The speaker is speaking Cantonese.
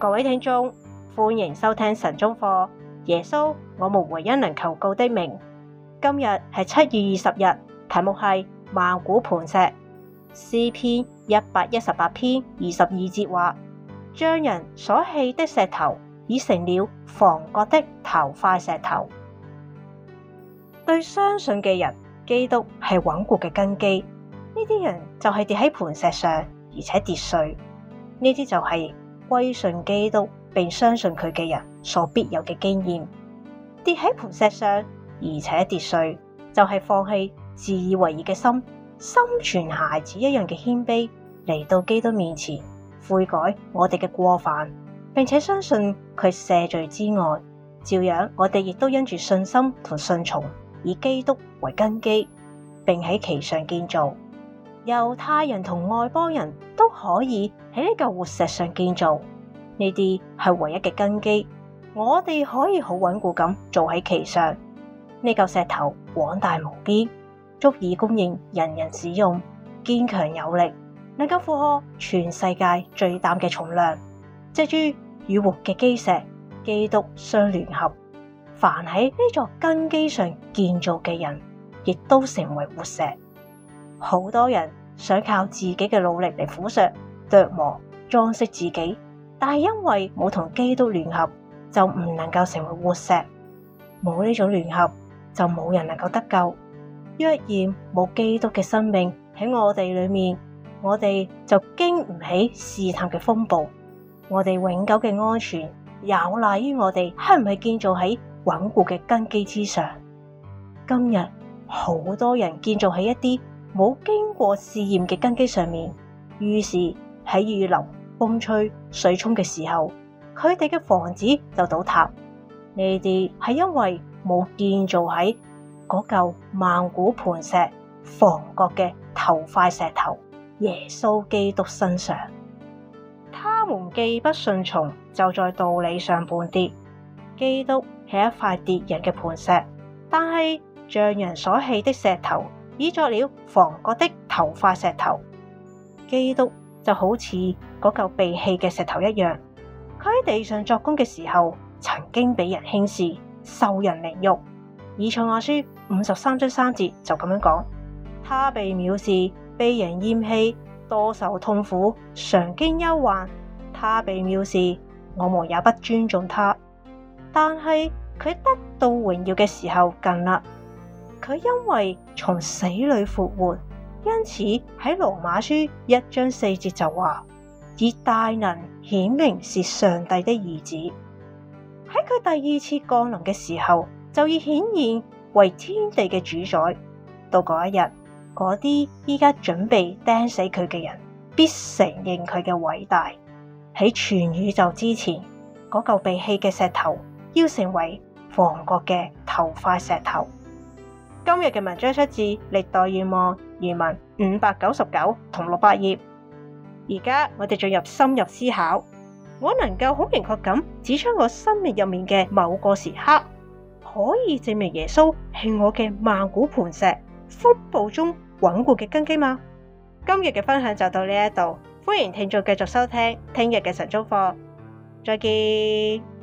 各位聽眾，歡迎收聽晨鐘課。耶穌，我們唯一能求告的名。今日係七月二十日，題目係《萬古磐石》詩篇一百一十八篇二十二節話：將人所棄的石頭，已成了房角的頭塊石頭。對相信嘅人，基督係穩固嘅根基。呢啲人就係跌喺磐石上，而且跌碎。呢啲就係、是。歸順基督，並相信佢嘅人所必有嘅經驗，跌喺磐石上，而且跌碎，就係、是、放棄自以為義嘅心，心存孩子一樣嘅謙卑，嚟到基督面前悔改我哋嘅過犯，並且相信佢赦罪之外，照樣我哋亦都因住信心同信從，以基督為根基，並喺其上建造。猶太人同外邦人都可以喺呢嚿活石上建造，呢啲係唯一嘅根基。我哋可以好穩固咁做喺其上。呢嚿石頭廣大無邊，足以供應人人使用，堅強有力，能夠負荷全世界最大嘅重量。借住與活嘅基石基督相聯合，凡喺呢座根基上建造嘅人，亦都成為活石。好多人。想靠自己嘅努力嚟腐削、琢磨、裝飾自己，但係因為冇同基督聯合，就唔能夠成為活石。冇呢種聯合，就冇人能夠得救。若然冇基督嘅生命喺我哋裏面，我哋就經唔起試探嘅風暴。我哋永久嘅安全有賴於我哋係唔係建造喺穩固嘅根基之上。今日好多人建造喺一啲，冇經過試驗嘅根基上面，於是喺雨淋、風吹、水沖嘅時候，佢哋嘅房子就倒塌。呢啲係因為冇建造喺嗰嚿萬古磐石、房角嘅頭塊石頭耶穌基督身上。他們既不順從，就在道理上絆跌。基督係一塊跌人嘅磐石，但係像人所棄的石頭。以作了房角的頭塊石頭，基督就好似嗰嚿被棄嘅石頭一樣。佢喺地上作工嘅時候，曾經俾人輕視、受人凌辱。以賽亞書五十三章三節就咁樣講：「他被藐視，被人厭棄，多受痛苦，常經憂患。他被藐視，我們也不尊重他。但係佢得到榮耀嘅時候近啦。佢因為從死裏復活，因此喺羅馬書一章四節就話：以大能顯明是上帝的兒子。喺佢第二次降臨嘅時候，就以顯現為天地嘅主宰。到嗰一日，嗰啲依家準備釘死佢嘅人，必承認佢嘅偉大。喺全宇宙之前，嗰嚿被棄嘅石頭，要成為房角嘅頭塊石頭。今日嘅文章出自《歷代願望》原文五百九十九同六百頁。而家我哋進入深入思考，我能夠好明確咁指出我生命入面嘅某個時刻，可以證明耶穌係我嘅萬古磐石，風暴中穩固嘅根基嗎？今日嘅分享就到呢一度，歡迎聽眾繼續收聽聽日嘅神中課，再見。